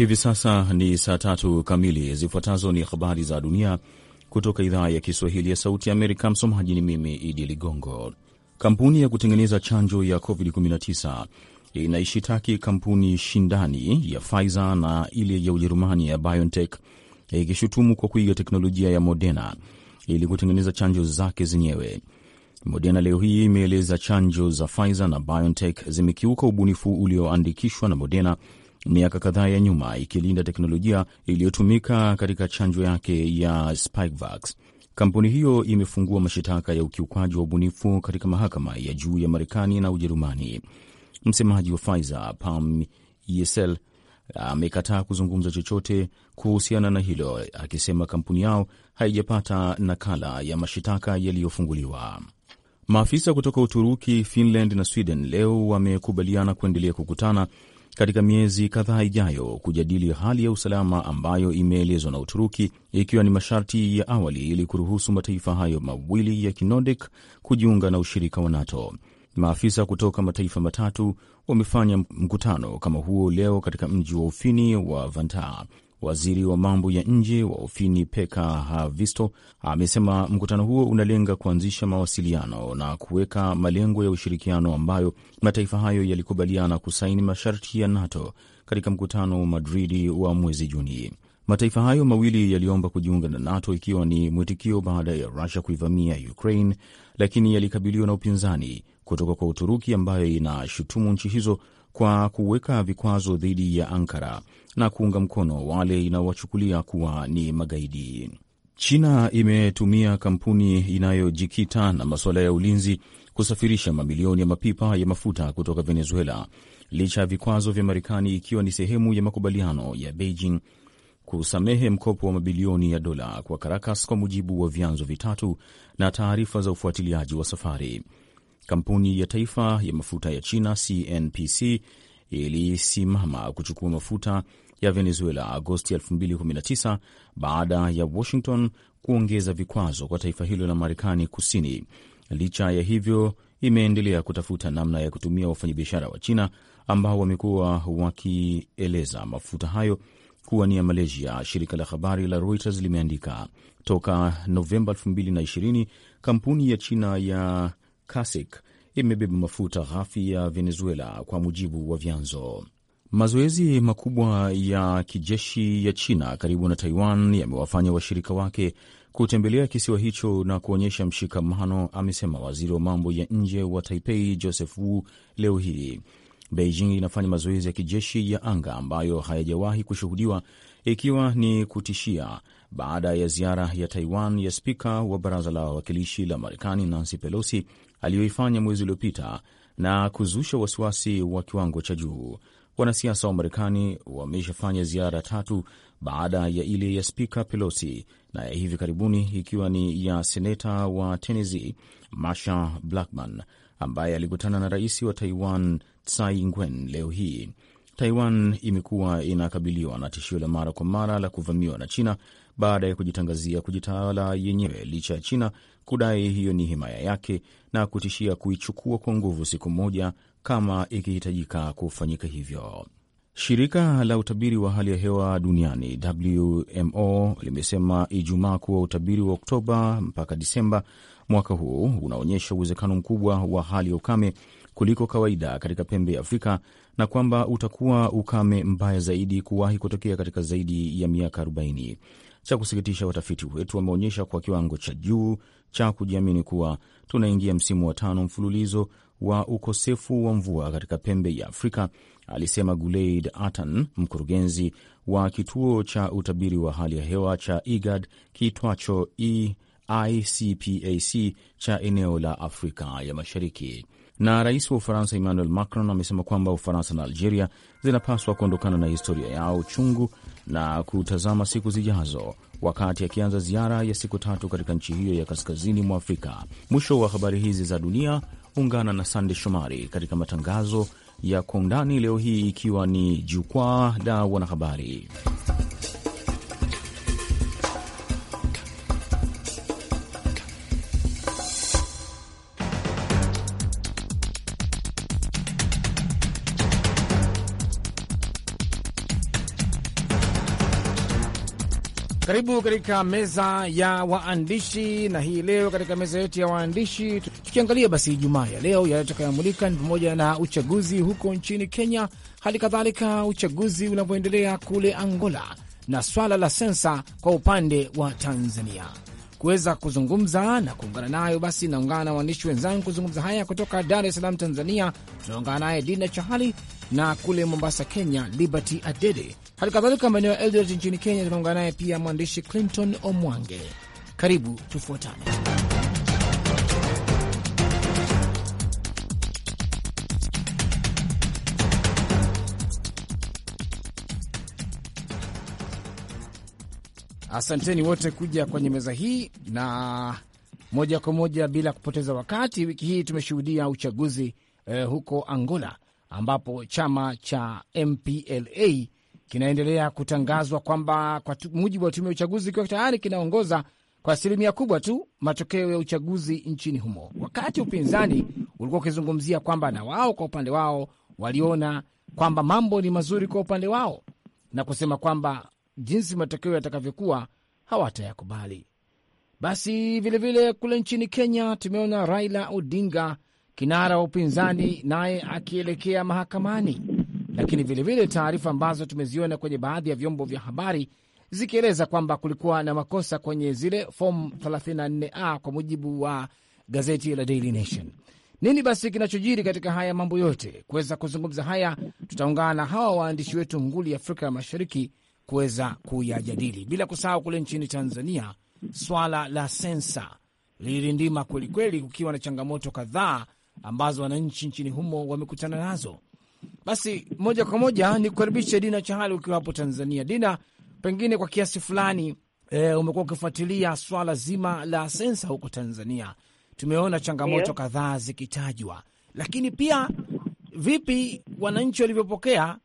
Hivi sasa ni saa tatu kamili. Zifuatazo ni habari za dunia kutoka idhaa ya Kiswahili ya Sauti ya Amerika. Msomaji ni mimi Idi Ligongo. Kampuni ya kutengeneza chanjo ya COVID-19 inaishitaki kampuni shindani ya Pfizer na ile ya Ujerumani ya BioNTech ikishutumu kwa kuiga teknolojia ya Moderna ili kutengeneza chanjo zake zenyewe. Moderna leo hii imeeleza chanjo za Pfizer na BioNTech zimekiuka ubunifu ulioandikishwa na Moderna miaka kadhaa ya nyuma ikilinda teknolojia iliyotumika katika chanjo yake ya Spikevax. Kampuni hiyo imefungua mashitaka ya ukiukwaji wa ubunifu katika mahakama ya juu ya Marekani na Ujerumani. Msemaji wa Pfizer Pam Yesel amekataa kuzungumza chochote kuhusiana na hilo, akisema kampuni yao haijapata nakala ya mashitaka yaliyofunguliwa. Maafisa kutoka Uturuki, Finland na Sweden leo wamekubaliana kuendelea kukutana katika miezi kadhaa ijayo kujadili hali ya usalama ambayo imeelezwa na Uturuki ikiwa ni masharti ya awali ili kuruhusu mataifa hayo mawili ya kinodic kujiunga na ushirika wa NATO. Maafisa kutoka mataifa matatu wamefanya mkutano kama huo leo katika mji wa Ufini wa Vantaa. Waziri wa mambo ya nje wa Ufini Pekka Haavisto amesema mkutano huo unalenga kuanzisha mawasiliano na kuweka malengo ya ushirikiano ambayo mataifa hayo yalikubaliana kusaini masharti ya NATO katika mkutano wa Madridi wa mwezi Juni. Mataifa hayo mawili yaliomba kujiunga na NATO ikiwa ni mwitikio baada ya Rusia kuivamia Ukraine, lakini yalikabiliwa na upinzani kutoka kwa Uturuki ambayo inashutumu nchi hizo kwa kuweka vikwazo dhidi ya Ankara na kuunga mkono wale inawachukulia kuwa ni magaidi. China imetumia kampuni inayojikita na masuala ya ulinzi kusafirisha mamilioni ya mapipa ya mafuta kutoka Venezuela licha ya vikwazo vya Marekani, ikiwa ni sehemu ya makubaliano ya Beijing kusamehe mkopo wa mabilioni ya dola kwa Caracas, kwa mujibu wa vyanzo vitatu na taarifa za ufuatiliaji wa safari kampuni ya taifa ya mafuta ya China CNPC ilisimama kuchukua mafuta ya Venezuela Agosti 2019 baada ya Washington kuongeza vikwazo kwa taifa hilo la Marekani Kusini. Licha ya hivyo, imeendelea kutafuta namna ya kutumia wafanyabiashara wa China ambao wamekuwa wakieleza mafuta hayo kuwa ni ya Malaysia, shirika la habari la Reuters limeandika. Toka Novemba 2020 kampuni ya China ya Kasik imebeba mafuta ghafi ya Venezuela kwa mujibu wa vyanzo. Mazoezi makubwa ya kijeshi ya China karibu na Taiwan yamewafanya washirika wake kutembelea kisiwa hicho na kuonyesha mshikamano, amesema waziri wa mambo ya nje wa Taipei Joseph Wu leo hii. Beijing inafanya mazoezi ya kijeshi ya anga ambayo hayajawahi kushuhudiwa, ikiwa ni kutishia baada ya ziara ya Taiwan ya spika wa baraza la wawakilishi la Marekani Nancy Pelosi aliyoifanya mwezi uliopita na kuzusha wasiwasi wa kiwango cha juu. Wanasiasa wa Marekani wameshafanya ziara tatu baada ya ile ya Spika Pelosi na ya hivi karibuni ikiwa ni ya seneta wa Tennessee Marsha Blackman ambaye alikutana na rais wa Taiwan Tsai leo hii. Taiwan imekuwa inakabiliwa na tishio la mara kwa mara la kuvamiwa na China baada ya kujitangazia kujitawala yenyewe licha ya China kudai hiyo ni himaya yake na kutishia kuichukua kwa nguvu siku moja kama ikihitajika kufanyika hivyo. Shirika la utabiri wa hali ya hewa duniani WMO limesema Ijumaa kuwa utabiri wa Oktoba mpaka Disemba mwaka huu unaonyesha uwezekano mkubwa wa hali ya ukame kuliko kawaida katika pembe ya Afrika na kwamba utakuwa ukame mbaya zaidi kuwahi kutokea katika zaidi ya miaka 40. Cha kusikitisha, watafiti wetu wameonyesha kwa kiwango cha juu cha kujiamini kuwa tunaingia msimu wa tano mfululizo wa ukosefu wa mvua katika pembe ya Afrika, alisema Guleid Atan, mkurugenzi wa kituo cha utabiri wa hali ya hewa cha IGAD kitwacho EICPAC cha eneo la Afrika ya Mashariki na rais wa Ufaransa Emmanuel Macron amesema kwamba Ufaransa na Algeria zinapaswa kuondokana na historia yao chungu na kutazama siku zijazo, wakati akianza ziara ya siku tatu katika nchi hiyo ya kaskazini mwa Afrika. Mwisho wa habari hizi za dunia. Ungana na Sande Shomari katika matangazo ya Kwa Undani leo hii, ikiwa ni jukwaa la wanahabari. katika meza ya waandishi, na hii leo katika meza yetu ya waandishi tukiangalia basi Ijumaa ya leo yatakayoamulika ni pamoja na uchaguzi huko nchini Kenya, hali kadhalika uchaguzi unavyoendelea kule Angola na swala la sensa kwa upande wa Tanzania kuweza kuzungumza na kuungana nayo, basi naungana na waandishi wenzangu kuzungumza haya. Kutoka Dar es Salaam, Tanzania, tunaungana naye Dina Chahali, na kule Mombasa, Kenya, Liberty Adede. Hali kadhalika maeneo ya Eldoret nchini Kenya tunaungana naye pia mwandishi Clinton Omwange. Karibu tufuatane. Asanteni wote kuja kwenye meza hii, na moja kwa moja bila kupoteza wakati, wiki hii tumeshuhudia uchaguzi eh, huko Angola ambapo chama cha MPLA kinaendelea kutangazwa kwamba kwa mujibu wa tume ya uchaguzi ikiwa tayari kinaongoza kwa asilimia kubwa tu matokeo ya uchaguzi nchini humo, wakati upinzani ulikuwa ukizungumzia kwamba na wao kwa upande wao waliona kwamba mambo ni mazuri kwa upande wao na kusema kwamba jinsi matokeo yatakavyokuwa hawatayakubali. Basi vilevile vile kule nchini Kenya tumeona Raila Odinga kinara wa upinzani naye akielekea mahakamani, lakini vilevile taarifa ambazo tumeziona kwenye baadhi ya vyombo vya habari zikieleza kwamba kulikuwa na makosa kwenye zile fomu 34A kwa mujibu wa gazeti la Daily Nation. Nini basi kinachojiri katika haya mambo yote? Kuweza kuzungumza haya, tutaungana na hawa waandishi wetu nguli ya Afrika ya Mashariki kuweza kuyajadili, bila kusahau kule nchini Tanzania swala la sensa lilirindima kwelikweli, kukiwa na changamoto kadhaa ambazo wananchi nchini humo wamekutana nazo. Basi moja kwa moja ni kukaribisha Dina Chahali ukiwa hapo Tanzania. Dina, pengine kwa kiasi fulani e, umekuwa ukifuatilia swala zima la sensa huko Tanzania. Tumeona changamoto kadhaa zikitajwa, lakini pia vipi wananchi walivyopokea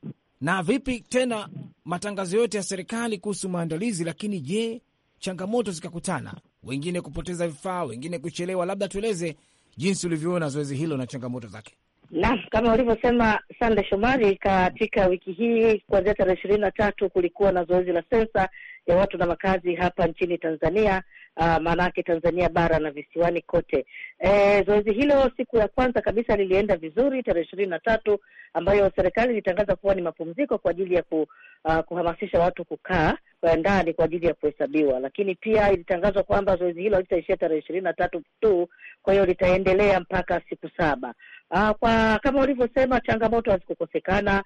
na vipi tena matangazo yote ya serikali kuhusu maandalizi? Lakini je, changamoto zikakutana, wengine kupoteza vifaa, wengine kuchelewa, labda tueleze jinsi ulivyoona zoezi hilo na changamoto zake. Naam, kama ulivyosema Sande Shomari, katika wiki hii kuanzia tarehe ishirini na tatu kulikuwa na zoezi la sensa ya watu na makazi hapa nchini Tanzania, uh, maanake Tanzania bara na visiwani kote. E, zoezi hilo siku ya kwanza kabisa lilienda vizuri tarehe ishirini na tatu ambayo serikali ilitangaza kuwa ni mapumziko kwa ajili ya ku, uh, kuhamasisha watu kukaa kwa ndani kwa ajili ya kuhesabiwa, lakini pia ilitangazwa kwamba zoezi hilo halitaishia tarehe ishirini na tatu tu, kwa hiyo litaendelea mpaka siku saba. Aa, ah, kwa kama ulivyosema, changamoto hazikukosekana.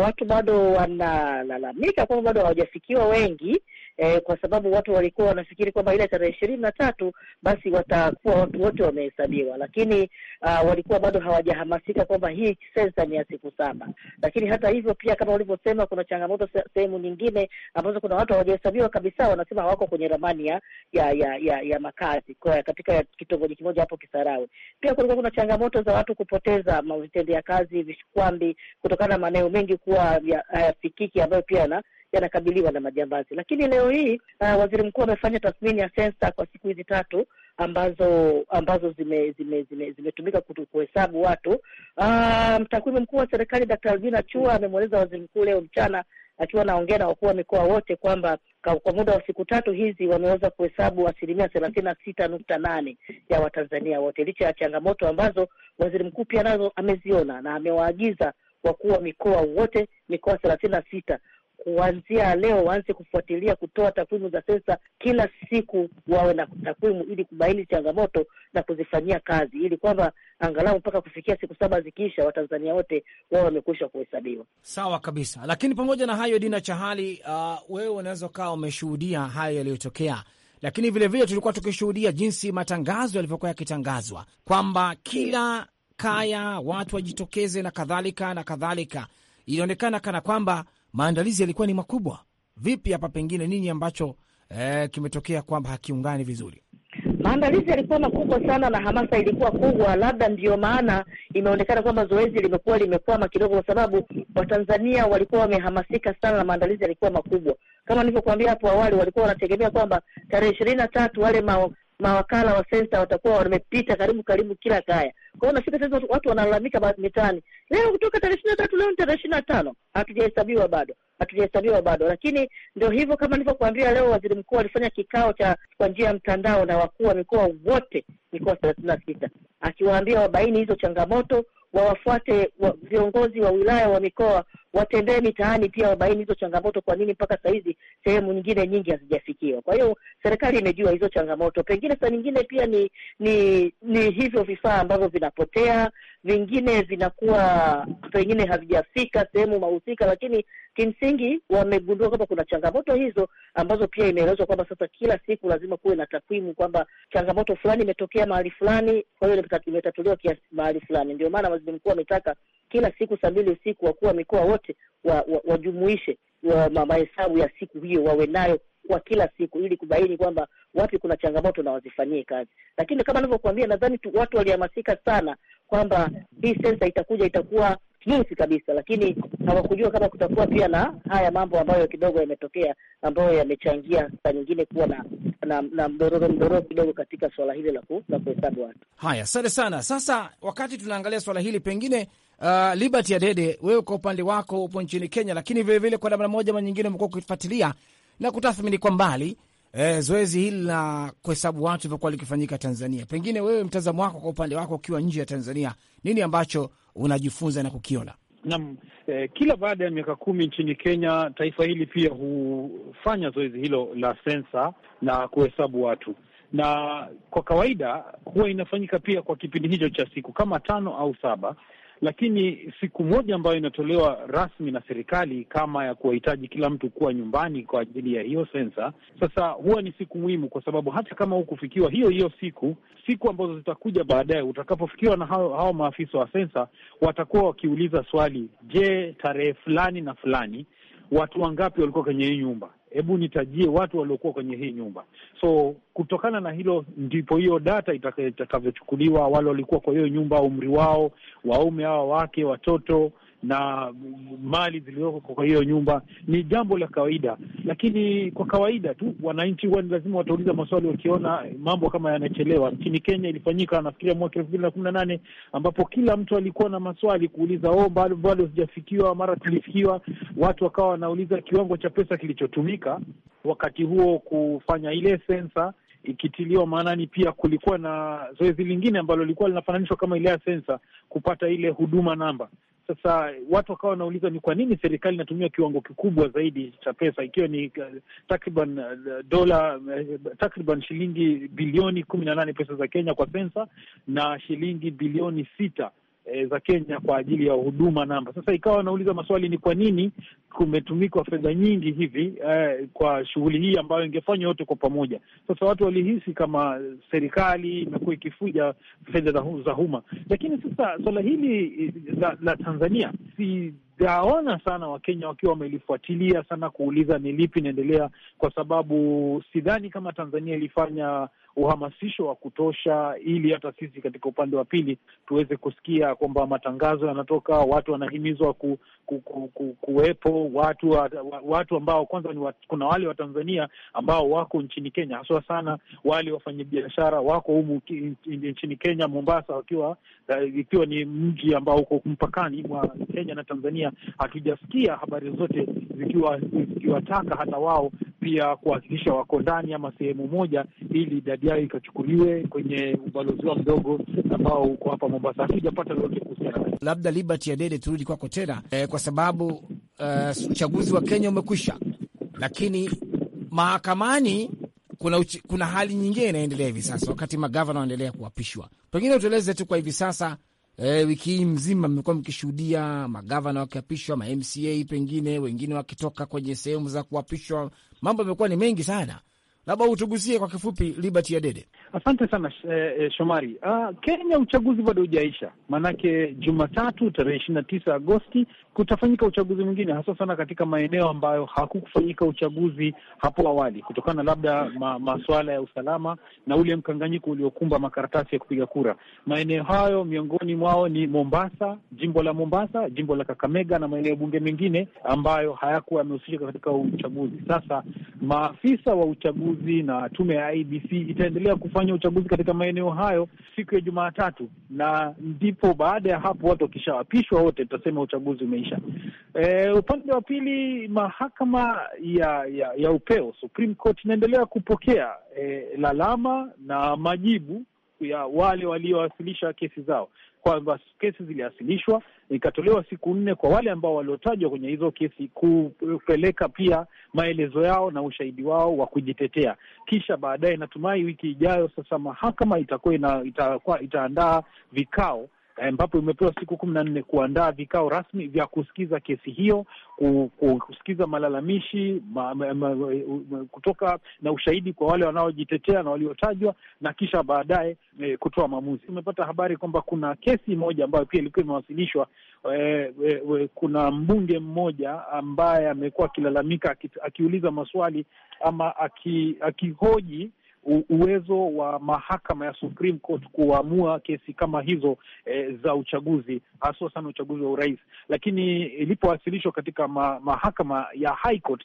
watu bado wanalalamika kwamba bado hawajafikiwa wengi e, kwa sababu watu walikuwa wanafikiri kwamba ile tarehe ishirini na tatu basi watakuwa watu wote wamehesabiwa, lakini uh, walikuwa bado hawajahamasika kwamba hii sensa ni ya siku saba. Lakini hata hivyo pia, kama ulivyosema, kuna changamoto sehemu nyingine ambazo kuna watu hawajahesabiwa kabisa, wanasema hawako kwenye ramani ya ya ya, ya, ya makazi kwa katika kitongoji kimoja hapo Kisarawe. Pia kulikuwa kuna changamoto za watu kupoteza vitendea kazi, vishikwambi, kutokana na maeneo mengi kuwa hayafikiki, ambayo pia na yanakabiliwa na majambazi. Lakini leo hii uh, waziri mkuu amefanya tathmini ya sensa kwa siku hizi tatu ambazo ambazo zimetumika zime, zime, zime kuhesabu watu. Uh, mtakwimu um, mkuu wa serikali Dkt. Albina Chua amemweleza waziri mkuu leo mchana akiwa anaongea na wakuu wa mikoa wote kwamba kwa muda wa siku tatu hizi wameweza kuhesabu asilimia thelathini na sita nukta nane ya Watanzania wote, licha ya changamoto ambazo waziri mkuu pia nazo ameziona na amewaagiza wakuu wa mikoa wote mikoa thelathini na sita kuanzia leo waanze kufuatilia kutoa takwimu za sensa kila siku, wawe na takwimu ili kubaini changamoto na kuzifanyia kazi, ili kwamba angalau mpaka kufikia siku saba zikiisha, Watanzania wote wao wamekwisha kuhesabiwa. Sawa kabisa. Lakini pamoja na hayo, Dina Chahali, uh, wewe unaweza ukawa umeshuhudia hayo yaliyotokea lakini vilevile vile tulikuwa tukishuhudia jinsi matangazo yalivyokuwa yakitangazwa kwamba kila kaya watu wajitokeze na kadhalika na kadhalika. Inaonekana kana kwamba maandalizi yalikuwa ni makubwa. Vipi hapa, pengine nini ambacho eh, kimetokea kwamba hakiungani vizuri? Maandalizi yalikuwa makubwa sana na hamasa ilikuwa kubwa, labda ndiyo maana imeonekana kwamba zoezi limekuwa limekwama kidogo, kwa sababu Watanzania walikuwa wamehamasika sana na maandalizi yalikuwa makubwa. Kama nilivyokuambia hapo awali, walikuwa wanategemea kwamba tarehe ishirini na tatu wale ma mawakala wa sensa watakuwa wamepita karibu karibu kila kaya. Kwa hiyo nafika sasa, watu wanalalamika mitaani, leo kutoka tarehe ishirini na tatu leo ni tarehe ishirini na tano hatujahesabiwa bado, hatujahesabiwa bado. Lakini ndio hivyo, kama nilivyokuambia, leo waziri mkuu alifanya kikao cha kwa njia ya mtandao na wakuu wa mikoa wote, mikoa thelathini na sita, akiwaambia wabaini hizo changamoto wawafuate wa, viongozi wa wilaya wa mikoa watembee mitaani pia wabaini hizo changamoto, kwa nini mpaka sahizi sehemu nyingine nyingi hazijafikiwa. Kwa hiyo serikali imejua hizo changamoto, pengine saa nyingine pia ni ni ni hivyo vifaa ambavyo vinapotea, vingine vinakuwa pengine havijafika sehemu mahusika, lakini kimsingi wamegundua kwamba kuna changamoto hizo ambazo pia imeelezwa kwamba sasa kila siku lazima kuwe na takwimu kwamba changamoto fulani imetokea mahali fulani, kwa hiyo imetatuliwa kiasi mahali fulani. Ndio maana waziri mkuu ametaka kila siku saa mbili usiku wakuu wa mikoa wote wajumuishe wa, wa wa mahesabu ya siku hiyo wawe nayo kwa kila siku ili kubaini kwamba wapi kuna changamoto na wazifanyie kazi. Lakini kama anavyokuambia nadhani watu walihamasika sana kwamba hii sensa itakuja itakuwa jinsi kabisa, lakini hawakujua kama kutakuwa pia na haya mambo ambayo kidogo yametokea ambayo yamechangia saa nyingine kuwa na na, na mdororo mdororo kidogo katika swala hili la kuhesabu watu. Haya, asante sana. Sasa wakati tunaangalia swala hili, pengine Uh, Liberty Adede, wewe kwa upande wako upo nchini Kenya, lakini vilevile vile kwa namna moja ama nyingine umekuwa ukifuatilia na kutathmini kwa mbali eh, zoezi hili la kuhesabu watu ilivyokuwa likifanyika Tanzania. Pengine wewe mtazamo wako kwa upande wako ukiwa nje ya Tanzania, nini ambacho unajifunza na kukiona? Naam, eh, kila baada ya miaka kumi nchini Kenya taifa hili pia hufanya zoezi hilo la sensa na kuhesabu watu na kwa kawaida huwa inafanyika pia kwa kipindi hicho cha siku kama tano au saba, lakini siku moja ambayo inatolewa rasmi na serikali kama ya kuwahitaji kila mtu kuwa nyumbani kwa ajili ya hiyo sensa, sasa huwa ni siku muhimu, kwa sababu hata kama hukufikiwa hiyo hiyo siku, siku ambazo zitakuja baadaye, utakapofikiwa na hao, hao maafisa wa sensa watakuwa wakiuliza swali, je, tarehe fulani na fulani watu wangapi walikuwa kwenye hii nyumba? hebu nitajie watu waliokuwa kwenye hii nyumba. So kutokana na hilo ndipo hiyo data itakavyochukuliwa, wale walikuwa kwa hiyo nyumba, umri wao, waume hawa, wake, watoto na mali zilizoko kwa hiyo nyumba ni jambo la kawaida, lakini kwa kawaida tu wananchi huwa ni lazima watauliza maswali wakiona mambo kama yanachelewa. Nchini Kenya ilifanyika nafikiria mwaka elfu mbili na kumi na nane ambapo kila mtu alikuwa na maswali kuuliza, oh, bado bado sijafikiwa, mara tulifikiwa. Watu wakawa wanauliza kiwango cha pesa kilichotumika wakati huo kufanya ile sensa ikitiliwa maanani, pia kulikuwa na zoezi lingine ambalo lilikuwa linafananishwa kama ile ya sensa, kupata ile huduma namba. Sasa watu wakawa wanauliza ni kwa nini serikali inatumia kiwango kikubwa zaidi cha pesa ikiwa ni uh, takriban uh, dola uh, takriban shilingi bilioni kumi na nane pesa za Kenya kwa sensa na shilingi bilioni sita e, za Kenya kwa ajili ya huduma namba. Sasa ikawa anauliza maswali, ni kwa nini kumetumikwa fedha nyingi hivi e, kwa shughuli hii ambayo ingefanywa yote kwa pamoja. Sasa watu walihisi kama serikali imekuwa ikifuja fedha za umma, lakini sasa swala hili eh, la, la Tanzania si sijaona sana Wakenya wakiwa wamelifuatilia sana kuuliza ni lipi inaendelea, kwa sababu sidhani kama Tanzania ilifanya uhamasisho wa kutosha, ili hata sisi katika upande wa pili tuweze kusikia kwamba matangazo yanatoka, watu wanahimizwa ku, ku, ku, ku, kuwepo watu wa, watu ambao kwanza ni wat, kuna wale Watanzania ambao wako nchini Kenya haswa sana wale wafanyabiashara wako humu nchini Kenya Mombasa, wakiwa eh, ikiwa ni mji ambao uko mpakani mwa Kenya na Tanzania. Hatujasikia habari zote zikiwa zikiwataka hata wao pia kuhakikisha wako ndani ama sehemu moja, ili idadi yao ikachukuliwe kwenye ubalozi wao mdogo ambao uko hapa Mombasa. Hatujapata lolote kuhusiana na labda Liberty Adede, turudi kwako tena eh, kwa sababu uh, uchaguzi wa Kenya umekwisha, lakini mahakamani kuna, uchi, kuna hali nyingine inaendelea hivi sasa wakati magavana wanaendelea kuapishwa. Pengine utueleze tu kwa hivi sasa E, wiki hii mzima mmekuwa mkishuhudia magavana wakiapishwa, ma MCA pengine wengine wakitoka kwenye sehemu za kuapishwa. Mambo yamekuwa ni mengi sana, labda utugusie kwa kifupi. Liberty ya Dede, asante sana eh, eh, Shomari. Uh, Kenya uchaguzi bado hujaisha, maanake Jumatatu tarehe ishirini na tisa Agosti kutafanyika uchaguzi mwingine, hasa sana katika maeneo ambayo hakukufanyika uchaguzi hapo awali, kutokana labda ma, masuala ya usalama na ule mkanganyiko uliokumba makaratasi ya kupiga kura. Maeneo hayo miongoni mwao ni Mombasa, jimbo la Mombasa, jimbo la Kakamega na maeneo bunge mengine ambayo hayakuwa yamehusika katika uchaguzi. Sasa maafisa wa uchaguzi na tume ya IBC itaendelea kufanya uchaguzi katika maeneo hayo siku ya Jumatatu, na ndipo baada ya hapo watu wakishaapishwa wote, tutasema uchaguzi umeisha maisha. E, upande wa pili mahakama ya ya, ya upeo Supreme Court inaendelea kupokea e, lalama na majibu ya wale waliowasilisha kesi zao kwamba kesi ziliwasilishwa, ikatolewa siku nne kwa wale ambao waliotajwa kwenye hizo kesi kupeleka pia maelezo yao na ushahidi wao wa kujitetea. Kisha baadaye, natumai wiki ijayo sasa mahakama itakuwa itaandaa vikao Eh, ambapo imepewa siku kumi na nne kuandaa vikao rasmi vya kusikiza kesi hiyo, kusikiza malalamishi ma, ma, ma, kutoka na ushahidi kwa wale wanaojitetea na waliotajwa, na kisha baadaye e, kutoa maamuzi. Tumepata habari kwamba kuna kesi moja ambayo pia ilikuwa imewasilishwa e, e, kuna mbunge mmoja ambaye amekuwa akilalamika, akiuliza maswali ama akihoji aki uwezo wa mahakama ya Supreme Court kuamua kesi kama hizo e, za uchaguzi haswa sana uchaguzi wa urais, lakini ilipowasilishwa katika ma, mahakama ya High Court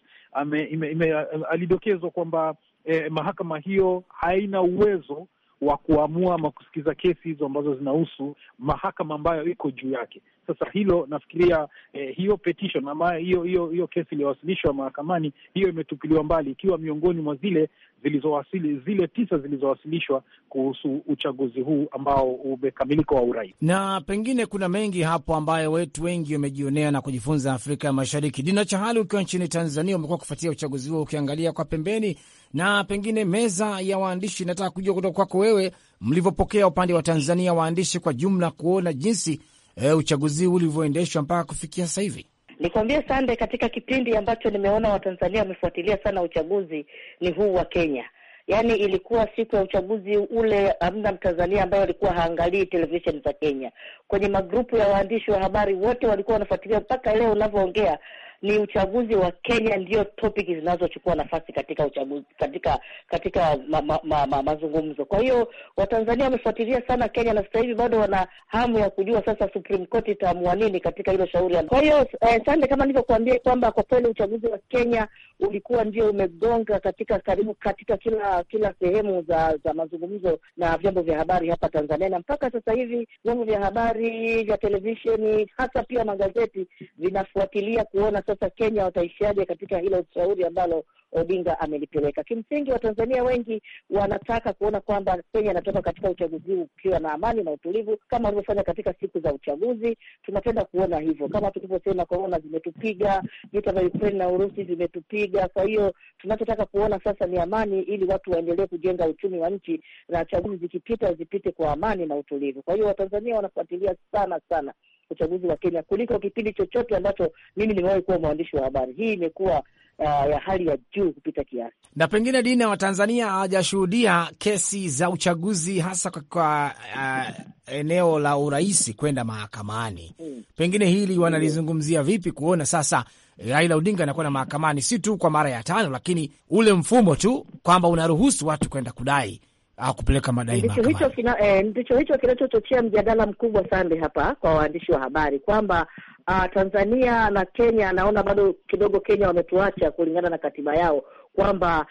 alidokezwa kwamba e, mahakama hiyo haina uwezo wa kuamua ama kusikiza kesi hizo ambazo zinahusu mahakama ambayo iko juu yake. Sasa hilo nafikiria eh, hiyo petition ama hiyo hiyo hiyo kesi iliyowasilishwa mahakamani, hiyo imetupiliwa mbali, ikiwa miongoni mwa zile zilizowasili zile tisa zilizowasilishwa kuhusu uchaguzi huu ambao umekamilika wa urais. Na pengine kuna mengi hapo ambayo wetu wengi wamejionea na kujifunza Afrika ya Mashariki. Dina Chahali, ukiwa nchini Tanzania, umekuwa kufuatia uchaguzi huo ukiangalia kwa pembeni, na pengine meza ya waandishi, inataka kujua kutoka kwako wewe mlivyopokea upande wa Tanzania waandishi kwa jumla, kuona jinsi e, uchaguzi huu ulivyoendeshwa mpaka kufikia sasa hivi? Nikwambie Sande, katika kipindi ambacho nimeona Watanzania wamefuatilia sana uchaguzi ni huu wa Kenya. Yaani ilikuwa siku ya uchaguzi ule, amna Mtanzania ambaye alikuwa haangalii televisheni za Kenya. Kwenye magrupu ya waandishi wa habari wote walikuwa wanafuatilia mpaka leo unavyoongea, ni uchaguzi wa Kenya ndio topic zinazochukua nafasi katika uchaguzi, katika katika ma, ma, ma, ma, mazungumzo. Kwa hiyo Watanzania wamefuatilia sana Kenya na sasa hivi bado wana hamu ya kujua sasa Supreme Court itaamua nini katika hilo shauri. Kwa hiyo eh, sande, kama nilivyokuambia kwamba kwa kweli uchaguzi wa Kenya ulikuwa ndio umegonga katika karibu katika kila kila sehemu za za mazungumzo na vyombo vya habari hapa Tanzania, na mpaka sasa hivi vyombo vya habari vya televisheni hasa pia magazeti vinafuatilia kuona sasa Kenya wataishiaje katika hilo shauri ambalo Odinga amelipeleka. Kimsingi, Watanzania wengi wanataka kuona kwamba Kenya inatoka katika uchaguzi huu ukiwa na amani na utulivu, kama walivyofanya katika siku za uchaguzi. Tunapenda kuona hivyo, kama tulivyosema, korona zimetupiga, vita vya Ukraine na Urusi vimetupiga. Kwa hiyo tunachotaka kuona sasa ni amani, ili watu waendelee kujenga uchumi wa nchi, na chaguzi zikipita zipite kwa amani na utulivu. Kwa hiyo Watanzania wanafuatilia sana sana uchaguzi wa Kenya kuliko kipindi chochote ambacho mimi nimewahi kuwa mwandishi wa habari. Hii imekuwa uh, ya hali ya juu kupita kiasi, na pengine dini wa Tanzania hawajashuhudia kesi za uchaguzi hasa kwa uh, eneo la uraisi kwenda mahakamani hmm. Pengine hili hmm. wanalizungumzia vipi, kuona sasa eh, Raila Odinga anakuwa na mahakamani si tu kwa mara ya tano, lakini ule mfumo tu kwamba unaruhusu watu kwenda kudai Ah, kupeleka madai ndicho hicho eh, ndicho hicho kinachochochea mjadala mkubwa sana hapa kwa waandishi wa habari kwamba ah, Tanzania na Kenya, naona bado kidogo Kenya wametuacha kulingana na katiba yao kwamba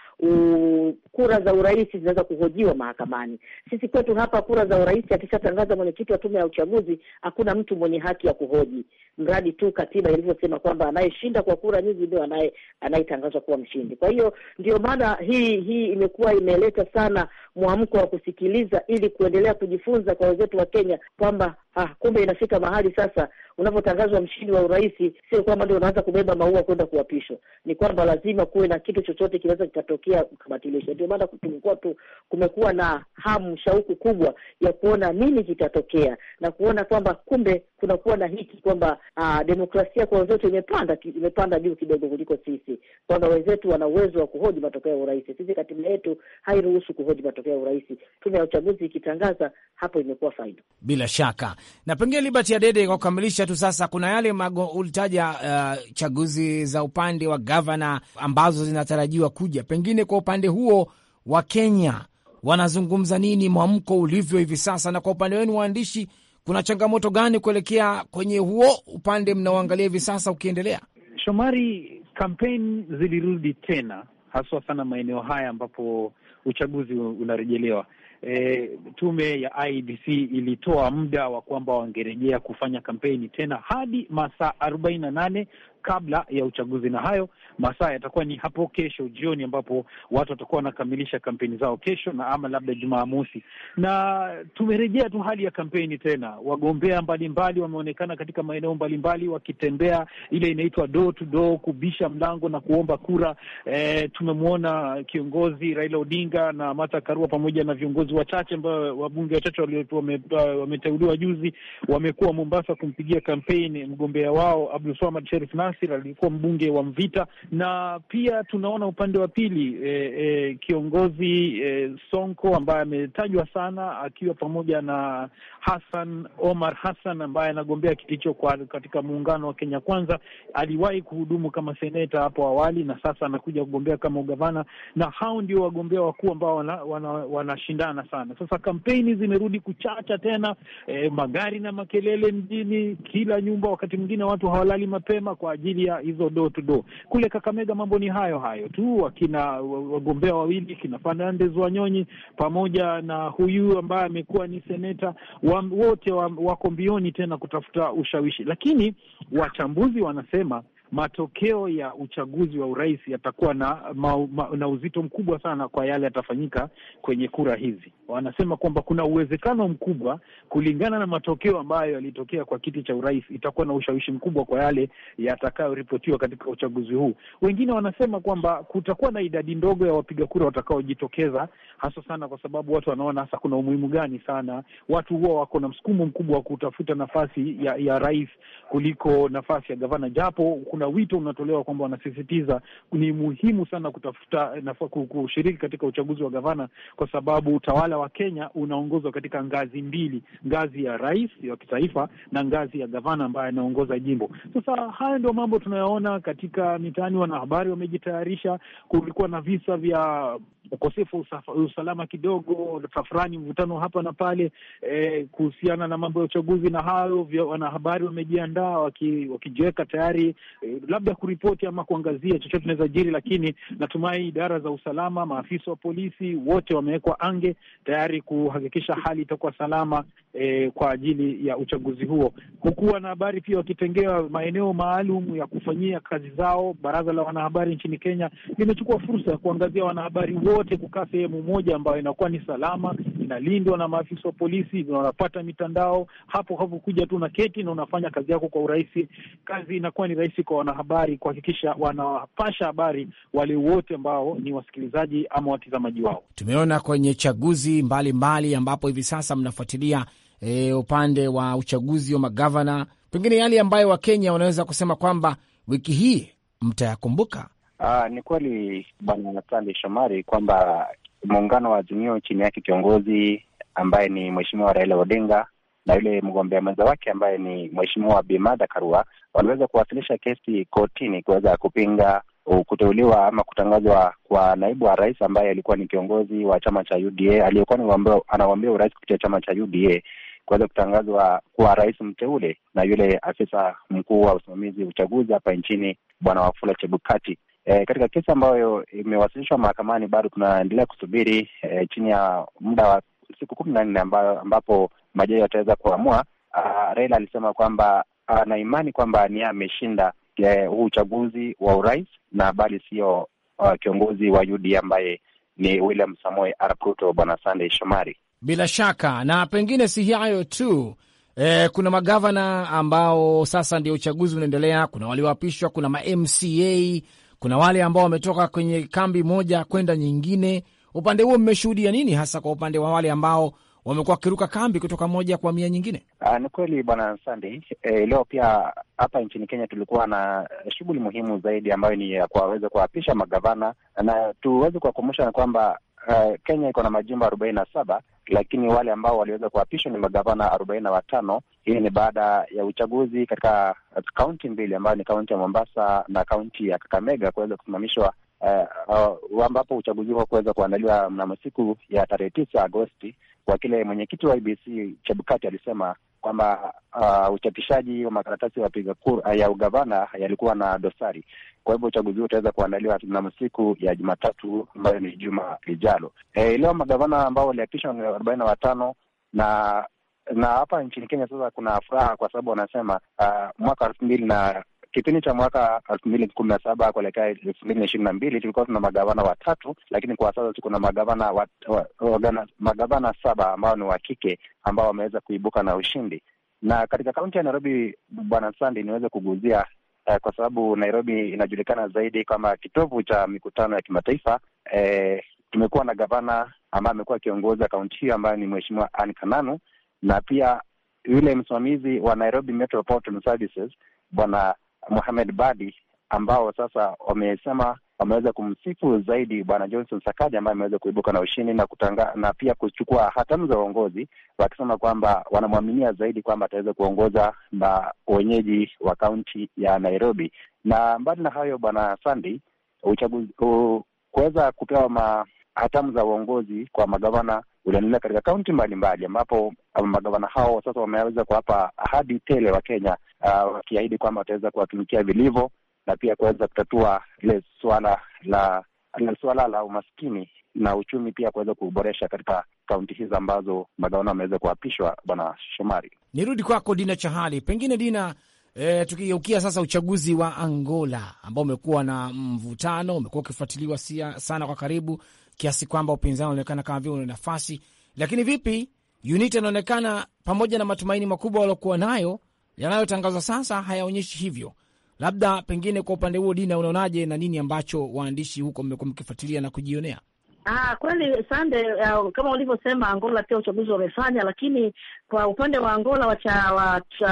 kura za urais zinaweza kuhojiwa mahakamani. Sisi kwetu hapa kura za urais akishatangaza mwenyekiti wa tume ya uchaguzi, hakuna mtu mwenye haki ya kuhoji, mradi tu katiba ilivyosema kwamba anayeshinda kwa kura nyingi ndio anaye anayetangazwa kuwa mshindi. Kwa hiyo ndio maana hii hii imekuwa imeleta sana mwamko wa kusikiliza, ili kuendelea kujifunza kwa wenzetu wa Kenya kwamba Ah, kumbe inafika mahali sasa unavyotangazwa mshindi wa urais, sio kwamba ndio unaanza kubeba maua kwenda kuapishwa. Ni kwamba lazima kuwe na kitu chochote kinaweza kikatokea ukabatilisha. Ndio maana tumekuwa tu, kumekuwa na hamu, shauku kubwa ya kuona nini kitatokea na kuona kwamba kumbe kunakuwa na hiki kwamba ah, demokrasia kwa wenzetu imepanda imepanda juu kidogo kuliko sisi, kwamba wenzetu wana uwezo wa kuhoji matokeo ya urais. Sisi katiba yetu hairuhusu kuhoji matokeo ya urais. Tume ya uchaguzi ikitangaza hapo imekuwa faida bila shaka. Na pengine Liberty Adede, kwa kukamilisha tu sasa, kuna yale mago ulitaja uh, chaguzi za upande wa gavana ambazo zinatarajiwa kuja, pengine kwa upande huo wa Kenya wanazungumza nini, mwamko ulivyo hivi sasa, na kwa upande wenu waandishi, kuna changamoto gani kuelekea kwenye huo upande mnaoangalia hivi sasa ukiendelea? Shomari, kampeni zilirudi tena haswa sana maeneo haya ambapo uchaguzi unarejelewa eh, tume ya ibc ilitoa muda wa kwamba wangerejea kufanya kampeni tena hadi masaa arobaini na nane kabla ya uchaguzi, na hayo masaa yatakuwa ni hapo kesho jioni, ambapo watu watakuwa wanakamilisha kampeni zao kesho na ama labda Jumamosi. Na tumerejea tu hali ya kampeni tena, wagombea mbalimbali wameonekana katika maeneo mbalimbali wakitembea, ile inaitwa door to door, kubisha mlango na kuomba kura. E, tumemwona kiongozi Raila Odinga na Martha Karua pamoja na viongozi wachache ambao wabunge wachache wameteuliwa juzi wamekuwa Mombasa kumpigia kampeni mgombea wao Abdulswamad Sherif Nas Nasir alikuwa mbunge wa Mvita, na pia tunaona upande wa pili e, e, kiongozi e, Sonko ambaye ametajwa sana akiwa pamoja na Hassan Omar Hassan ambaye anagombea kiti hicho katika muungano wa Kenya Kwanza. Aliwahi kuhudumu kama seneta hapo awali na sasa anakuja kugombea kama ugavana, na hao ndio wagombea wakuu ambao wanashindana wana, wana sana. Sasa kampeni zimerudi kuchacha tena, e, magari na makelele mjini, kila nyumba, wakati mwingine watu hawalali mapema kwa ajili ya hizo door to door. Kule Kakamega mambo ni hayo hayo tu, wakina wagombea wawili kina Fernandes Wanyonyi pamoja na huyu ambaye amekuwa ni seneta wote wako mbioni tena kutafuta ushawishi, lakini wachambuzi wanasema matokeo ya uchaguzi wa urais yatakuwa na ma, ma, na uzito mkubwa sana kwa yale yatafanyika kwenye kura hizi. Wanasema kwamba kuna uwezekano mkubwa, kulingana na matokeo ambayo yalitokea kwa kiti cha urais, itakuwa na ushawishi mkubwa kwa yale yatakayoripotiwa katika uchaguzi huu. Wengine wanasema kwamba kutakuwa na idadi ndogo ya wapiga kura watakaojitokeza, hasa sana kwa sababu watu wanaona hasa kuna umuhimu gani sana, watu huwa wako na msukumo mkubwa wa kutafuta nafasi ya, ya rais kuliko nafasi ya gavana, japo kuna wito unatolewa kwamba wanasisitiza ni muhimu sana kutafuta eh, kushiriki katika uchaguzi wa gavana, kwa sababu utawala wa Kenya unaongozwa katika ngazi mbili, ngazi ya rais wa kitaifa na ngazi ya gavana ambaye anaongoza jimbo. Sasa haya ndio mambo tunayoona katika mitaani, wanahabari wamejitayarisha. Kulikuwa na visa vya ukosefu wa usalama kidogo, safrani mvutano hapa na pale eh, kuhusiana na mambo ya uchaguzi, na hayo wanahabari wamejiandaa wakijiweka tayari eh, labda kuripoti ama kuangazia chochote inaweza jiri, lakini natumai idara za usalama, maafisa wa polisi wote wamewekwa ange tayari kuhakikisha hali itakuwa salama eh, kwa ajili ya uchaguzi huo, huku wanahabari pia wakitengewa maeneo maalum ya kufanyia kazi zao. Baraza la wanahabari nchini Kenya limechukua fursa ya kuangazia wanahabari wote kukaa sehemu moja ambayo inakuwa ni salama, inalindwa na maafisa wa polisi, wanapata mitandao hapo hapo, kuja tu na keti na unafanya kazi yako kwa urahisi. Kazi inakuwa ni rahisi kwa kwa wanahabari kuhakikisha wanawapasha habari wale wote ambao ni wasikilizaji ama watizamaji wao. Tumeona kwenye chaguzi mbalimbali mbali, ambapo hivi sasa mnafuatilia e, upande wa uchaguzi wa magavana, pengine yale ambayo Wakenya wanaweza kusema kwamba wiki hii mtayakumbuka. Aa, ah, ni kweli Bwana Natali Shomari kwamba muungano wa Azimio chini yake kiongozi ambaye ni Mheshimiwa Raila Odinga na yule mgombea mwenza wake ambaye ni mheshimiwa bimadha Karua waliweza kuwasilisha kesi kotini kuweza kupinga uh, kuteuliwa ama kutangazwa kwa naibu wa rais ambaye alikuwa ni kiongozi wa chama cha UDA aliyekuwa anawaambia urais kupitia chama cha UDA kuweza kutangazwa kuwa rais mteule na yule afisa mkuu wa usimamizi uchaguzi hapa nchini Bwana Wafula Chebukati. E, katika kesi ambayo imewasilishwa mahakamani bado tunaendelea kusubiri e, chini ya muda wa siku kumi na nne ambapo majaji wataweza kuamua. Uh, Raila alisema kwamba ana imani kwamba ni ameshinda eh, huu uchaguzi wa urais na bali sio uh, kiongozi wa UD ambaye ni William samoe Arap Ruto. Bwana sandey Shomari, bila shaka na pengine si hayo tu eh, kuna magavana ambao sasa ndio uchaguzi unaendelea, kuna walioapishwa, kuna mamca, kuna wale ambao wametoka kwenye kambi moja kwenda nyingine. Upande huo mmeshuhudia nini hasa kwa upande wa wale ambao wamekuwa wakiruka kambi kutoka moja kwa mia nyingine. Ah, ni kweli bwana Sandi. E, leo pia hapa nchini Kenya tulikuwa na shughuli muhimu zaidi ambayo ni ya kuwaweza kuwaapisha magavana na tuweze kuwakumbusha kwamba Uh, Kenya iko na majimbo arobaini na saba lakini wale ambao waliweza kuapishwa ni magavana arobaini na watano. Hii ni baada ya uchaguzi katika kaunti mbili ambayo ni kaunti ya Mombasa na kaunti ya Kakamega kuweza kusimamishwa, uh, uh, ambapo uchaguzi huo kuweza kuandaliwa mnamo siku ya tarehe tisa Agosti kwa kile mwenyekiti wa IBC Chebukati alisema kwamba uh, uchapishaji wa makaratasi ya wapiga kura uh, ya ugavana yalikuwa na dosari. Kwa hivyo uchaguzi huu utaweza kuandaliwa mnamo siku ya Jumatatu ambayo ni juma lijalo. E, leo magavana ambao waliapishwa ni arobaini na watano na na hapa nchini Kenya sasa kuna furaha kwa sababu wanasema uh, mwaka elfu mbili na Kipindi cha mwaka elfu mbili kumi na saba kuelekea elfu mbili na ishirini na mbili tulikuwa tuna magavana watatu, lakini kwa sasa tuko na magavana wa, wa, wa, magavana saba ambao ni wa kike ambao wameweza kuibuka na ushindi. Na katika kaunti ya Nairobi, Bwana Sandi, niweze kuguzia eh, kwa sababu Nairobi inajulikana zaidi kama kitovu cha mikutano ya kimataifa eh, tumekuwa na gavana ambaye amekuwa akiongoza kaunti hiyo ambayo ni Mheshimiwa Anne Kananu na pia yule msimamizi wa Nairobi Metropolitan Services Bwana Mohamed Badi ambao sasa wamesema wameweza kumsifu zaidi bwana Johnson Sakaja ambaye ameweza kuibuka na ushindi na kutanga, na pia kuchukua hatamu za uongozi, wakisema kwamba wanamwaminia zaidi kwamba ataweza kuongoza na wenyeji wa kaunti ya Nairobi. Na mbali na hayo, bwana Sandi, uchaguzi kuweza kupewa ma hatamu za uongozi kwa magavana uliendelea katika kaunti mbalimbali, ambapo magavana hao sasa wameweza kuwapa ahadi tele wa Kenya uh, wakiahidi kwamba wataweza kuwatumikia vilivyo na pia kuweza kutatua ile suala la na suala la umaskini na uchumi pia kuweza kuboresha katika kaunti hizo ambazo magavana wameweza kuapishwa. Bwana Shomari, nirudi kwako Dina Chahali. Pengine Dina, e, tukigeukia sasa uchaguzi wa Angola ambao umekuwa na mvutano, umekuwa ukifuatiliwa sana kwa karibu kiasi kwamba upinzani unaonekana kama vile una nafasi, lakini vipi UNITA inaonekana pamoja na matumaini makubwa waliokuwa nayo yanayotangazwa sasa hayaonyeshi hivyo. Labda pengine kwa upande huo, Dina, unaonaje na nini ambacho waandishi huko mmekuwa mkifuatilia na kujionea? Ah, kweli sande. Uh, kama ulivyosema Angola pia uchaguzi wamefanya, lakini kwa upande wa Angola wacha, wacha,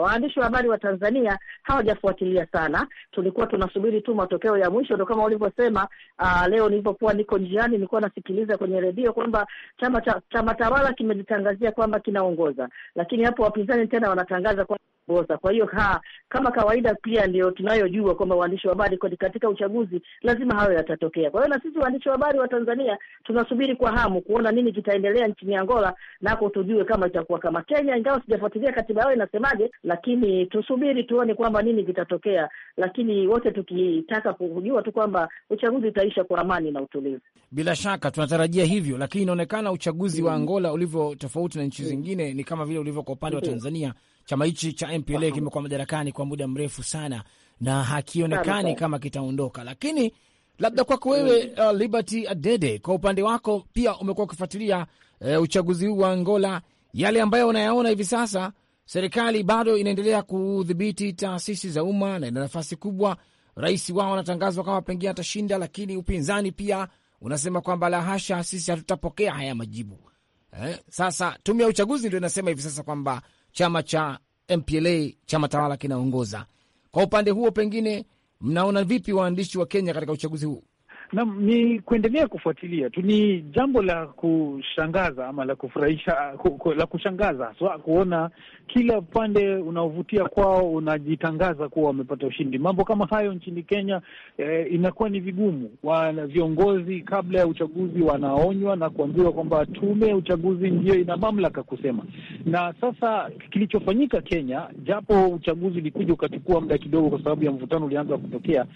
waandishi wa habari wa Tanzania hawajafuatilia sana. Tulikuwa tunasubiri tu matokeo ya mwisho, ndo kama ulivyosema. Uh, leo nilipokuwa niko njiani nilikuwa nasikiliza kwenye redio kwamba chama cha chama tawala kimejitangazia kwamba kinaongoza, lakini hapo wapinzani tena wanatangaza kwamba kupoza. Kwa hiyo ha, kama kawaida pia ndio tunayojua kwamba waandishi wa habari katika uchaguzi lazima hayo yatatokea. Kwa hiyo na sisi waandishi wa habari wa Tanzania tunasubiri kwa hamu kuona nini kitaendelea nchini Angola, nako tujue kama itakuwa kama Kenya, ingawa sijafuatilia katiba yao inasemaje, lakini tusubiri tuone kwamba nini kitatokea, lakini wote tukitaka kujua tu kwamba uchaguzi utaisha kwa amani na utulivu. Bila shaka tunatarajia hivyo, lakini inaonekana uchaguzi mm wa Angola ulivyo tofauti na nchi mm. zingine, ni kama vile ulivyo kwa upande wa mm. Tanzania Chama hichi cha MPLA kimekuwa madarakani kwa muda mrefu sana na hakionekani kama kitaondoka, lakini labda kwako wewe mm. uh, Liberty Adede, kwa upande wako pia umekuwa ukifuatilia uh, uchaguzi huu wa Angola, yale ambayo unayaona hivi sasa, serikali bado inaendelea kudhibiti taasisi za umma na ina nafasi kubwa. Rais wao anatangazwa kama pengine atashinda, lakini upinzani pia unasema kwamba la hasha, sisi hatutapokea haya majibu eh. Sasa tume ya uchaguzi ndio inasema hivi sasa kwamba chama cha MPLA chama tawala kinaongoza. Kwa upande huo, pengine mnaona vipi waandishi wa Kenya katika uchaguzi huu? Na ni kuendelea kufuatilia tu. Ni jambo la kushangaza ama la kufurahisha, ku, ku, la kushangaza haswa kuona kila upande unaovutia kwao unajitangaza kuwa wamepata ushindi. Mambo kama hayo nchini Kenya eh, inakuwa ni vigumu. Wana viongozi kabla ya uchaguzi wanaonywa na kuambiwa kwamba tume ya uchaguzi ndiyo ina mamlaka kusema. Na sasa kilichofanyika Kenya, japo uchaguzi ulikuja ukachukua muda kidogo, kwa sababu ya mvutano ulianza kutokea,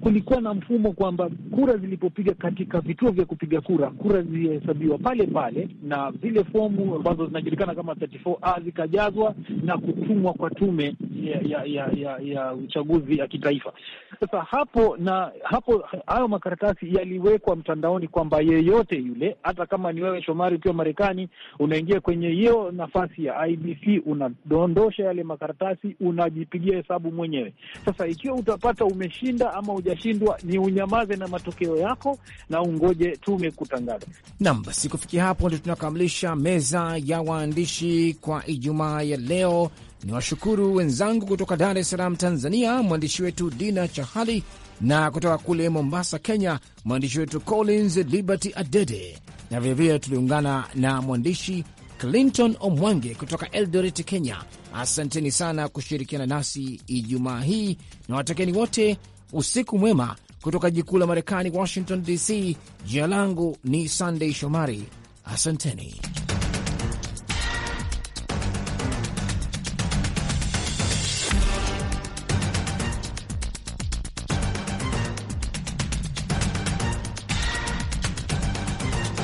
kulikuwa na mfumo kwamba kura zilipopiga katika vituo vya kupiga kura, kura zilihesabiwa pale pale na zile fomu ambazo zinajulikana kama 34A zikajazwa na kutumwa kwa tume ya, ya, ya, ya, ya uchaguzi ya kitaifa. Sasa hapo na hapo, hayo makaratasi yaliwekwa mtandaoni kwamba yeyote yule, hata kama ni wewe Shomari ukiwa Marekani, unaingia kwenye hiyo nafasi ya IBC, unadondosha yale makaratasi, unajipigia hesabu mwenyewe. Sasa ikiwa utapata umeshinda ama hujashindwa, ni unyamaze na matokeo mawazo yako na ungoje tume kutangaza. Naam, basi kufikia hapo ndio tunakamilisha meza ya waandishi kwa Ijumaa ya leo. Ni washukuru wenzangu kutoka Dar es Salaam, Tanzania, mwandishi wetu Dina Chahali, na kutoka kule Mombasa, Kenya, mwandishi wetu Collins Liberty Adede, na vilevile tuliungana na mwandishi Clinton Omwange kutoka Eldoret, Kenya. Asanteni sana kushirikiana nasi Ijumaa hii na watakeni wote usiku mwema kutoka jikuu la Marekani, Washington DC, jina langu ni Sandey Shomari. Asanteni.